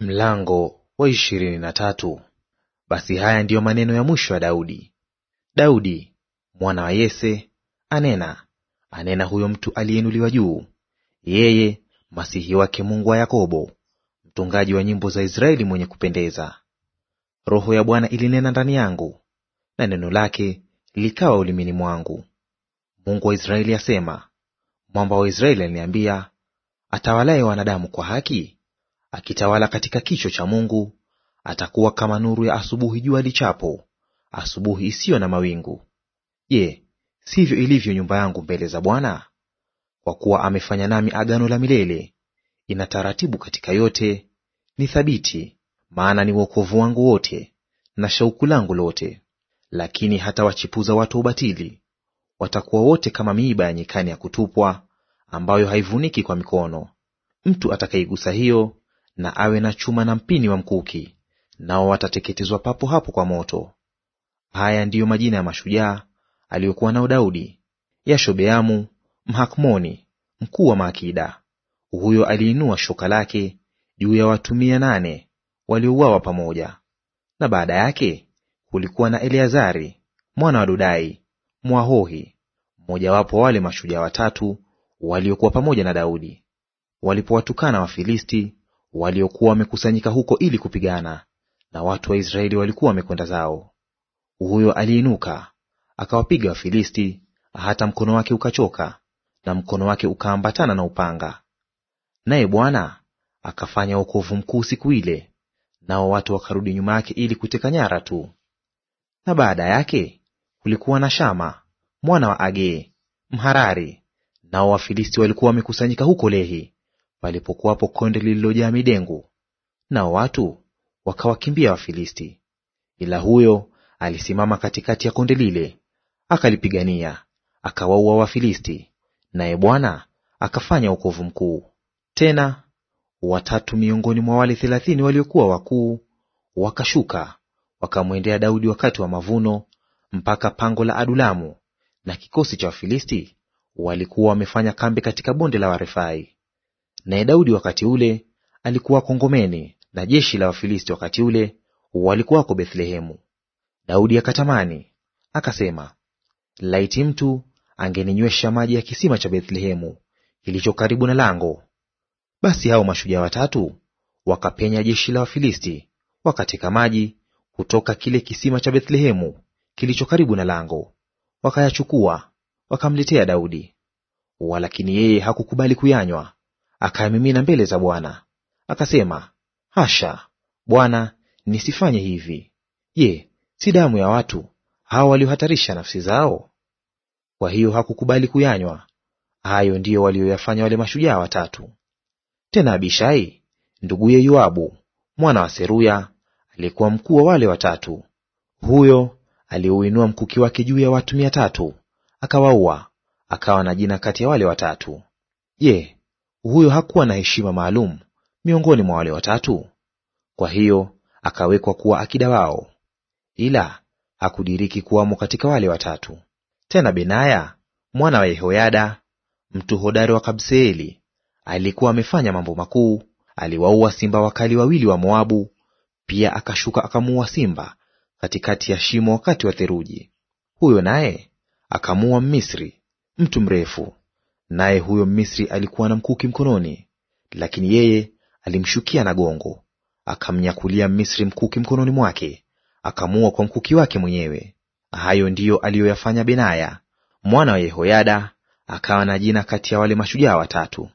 Mlango wa ishirini na tatu. Basi haya ndiyo maneno ya mwisho ya Daudi. Daudi mwana wa Yese anena, anena huyo mtu aliyeinuliwa juu, yeye masihi wake Mungu wa Yakobo, mtungaji wa nyimbo za Israeli mwenye kupendeza. Roho ya Bwana ilinena ndani yangu, na neno lake likawa ulimini mwangu. Mungu wa Israeli asema, mwamba wa Israeli aliniambia, atawalaye wanadamu kwa haki akitawala katika kicho cha Mungu, atakuwa kama nuru ya asubuhi jua lichapo, asubuhi isiyo na mawingu. Je, sivyo ilivyo nyumba yangu mbele za Bwana? Kwa kuwa amefanya nami agano la milele, ina taratibu katika yote, ni thabiti; maana ni wokovu wangu wote na shauku langu lote. Lakini hatawachipuza watu wa ubatili; watakuwa wote kama miiba ya nyikani ya kutupwa, ambayo haivuniki kwa mikono. Mtu atakayeigusa hiyo na awe na chuma na mpini wa mkuki, nao watateketezwa papo hapo kwa moto. Haya ndiyo majina ya mashujaa aliyokuwa nao Daudi: Yashobeamu Mhakmoni, mkuu wa maakida; huyo aliinua shoka lake juu ya watu mia nane waliouawa pamoja. Na baada yake kulikuwa na Eleazari mwana wa Dodai Mwahohi, mmojawapo wale mashujaa watatu waliokuwa pamoja na Daudi. Walipowatukana Wafilisti, waliokuwa wamekusanyika huko ili kupigana, na watu wa Israeli walikuwa wamekwenda zao. Huyo aliinuka akawapiga Wafilisti hata mkono wake ukachoka, na mkono wake ukaambatana na upanga. Naye Bwana akafanya wokovu mkuu siku ile, nao watu wakarudi nyuma yake ili kuteka nyara tu. Na baada yake kulikuwa na Shama mwana wa Agee Mharari, nao Wafilisti walikuwa wamekusanyika huko Lehi, palipokuwapo konde lililojaa midengu, nao watu wakawakimbia Wafilisti. Ila huyo alisimama katikati ya konde lile, akalipigania, akawaua Wafilisti, naye Bwana akafanya wokovu mkuu. Tena watatu miongoni mwa wale thelathini waliokuwa wakuu wakashuka wakamwendea Daudi wakati wa mavuno mpaka pango la Adulamu, na kikosi cha Wafilisti walikuwa wamefanya kambi katika bonde la Warefai. Naye Daudi wakati ule alikuwa kongomeni na jeshi la Wafilisti wakati ule walikuwako Bethlehemu. Daudi akatamani akasema, laiti mtu angeninywesha maji ya kisima cha Bethlehemu kilicho karibu na lango. Basi hao mashujaa watatu wakapenya jeshi la Wafilisti, wakateka maji kutoka kile kisima cha Bethlehemu kilicho karibu na lango, wakayachukua wakamletea Daudi. Walakini yeye hakukubali kuyanywa, akayamimina mbele za Bwana. Akasema, hasha Bwana, nisifanye hivi. Je, si damu ya watu hao waliohatarisha nafsi zao? Kwa hiyo hakukubali kuyanywa. Hayo ndiyo walioyafanya wale mashujaa watatu. Tena Abishai nduguye Yoabu mwana wa Seruya aliyekuwa mkuu wa wale watatu, huyo aliuinua mkuki wake juu ya watu mia tatu akawaua, akawa na jina kati ya wale watatu. Je, huyo hakuwa na heshima maalum miongoni mwa wale watatu, kwa hiyo akawekwa kuwa akida wao, ila hakudiriki kuwamo katika wale watatu. Tena Benaya mwana wa Yehoyada mtu hodari wa Kabseeli alikuwa amefanya mambo makuu, aliwaua simba wakali wawili wa Moabu, pia akashuka akamuua simba katikati ya shimo wakati wa theruji. Huyo naye akamuua Mmisri, mtu mrefu. Naye huyo Misri alikuwa na mkuki mkononi, lakini yeye alimshukia na gongo, akamnyakulia Misri mkuki mkononi mwake, akamuua kwa mkuki wake mwenyewe. Hayo ndiyo aliyoyafanya Benaya mwana wa Yehoyada, akawa na jina kati ya wale mashujaa watatu.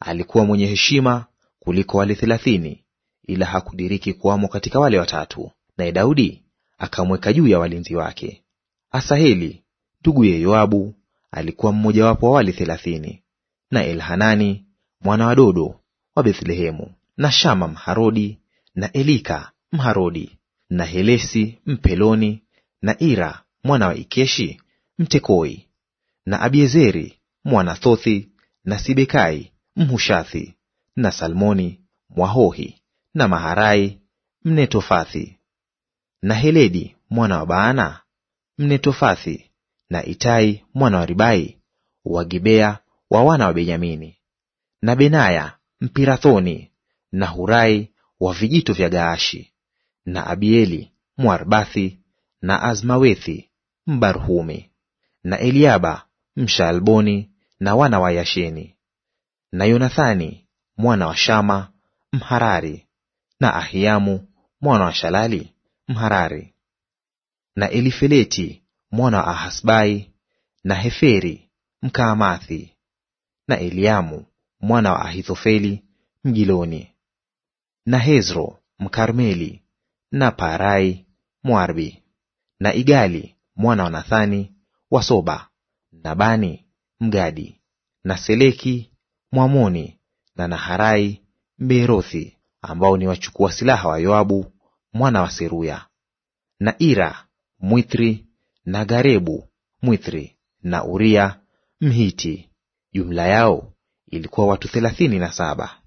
Alikuwa mwenye heshima kuliko wale thelathini, ila hakudiriki kuwamo katika wale watatu, naye Daudi akamweka juu ya walinzi wake. Asaheli nduguye Yoabu alikuwa mmojawapo wa wali thelathini, na Elhanani mwana wa Dodo wa Bethlehemu, na Shama Mharodi, na Elika Mharodi, na Helesi Mpeloni, na Ira mwana wa Ikeshi Mtekoi, na Abiezeri mwana Thothi, na Sibekai Mhushathi, na Salmoni Mwahohi, na Maharai Mnetofathi, na Heledi mwana wa Baana Mnetofathi, na Itai mwana wa Ribai wa Gibea wa wana wa Benyamini, na Benaya Mpirathoni, na Hurai wa vijito vya Gaashi, na Abieli Mwarbathi, na Azmawethi Mbarhumi, na Eliaba Mshaalboni, na wana wa Yasheni, na Yonathani mwana wa Shama Mharari, na Ahiamu mwana wa Shalali Mharari, na Elifeleti mwana wa Ahasbai, na Heferi Mkaamathi, na Eliamu mwana wa Ahithofeli Mgiloni, na Hezro Mkarmeli, na Parai Mwarbi, na Igali mwana wa Nathani wa Soba, na Bani Mgadi, na Seleki Mwamoni, na Naharai mberothi ambao ni wachukua silaha wa Yoabu mwana wa Seruya, na Ira mwitri na Garebu Mwithri na Uria Mhiti. Jumla yao ilikuwa watu thelathini na saba.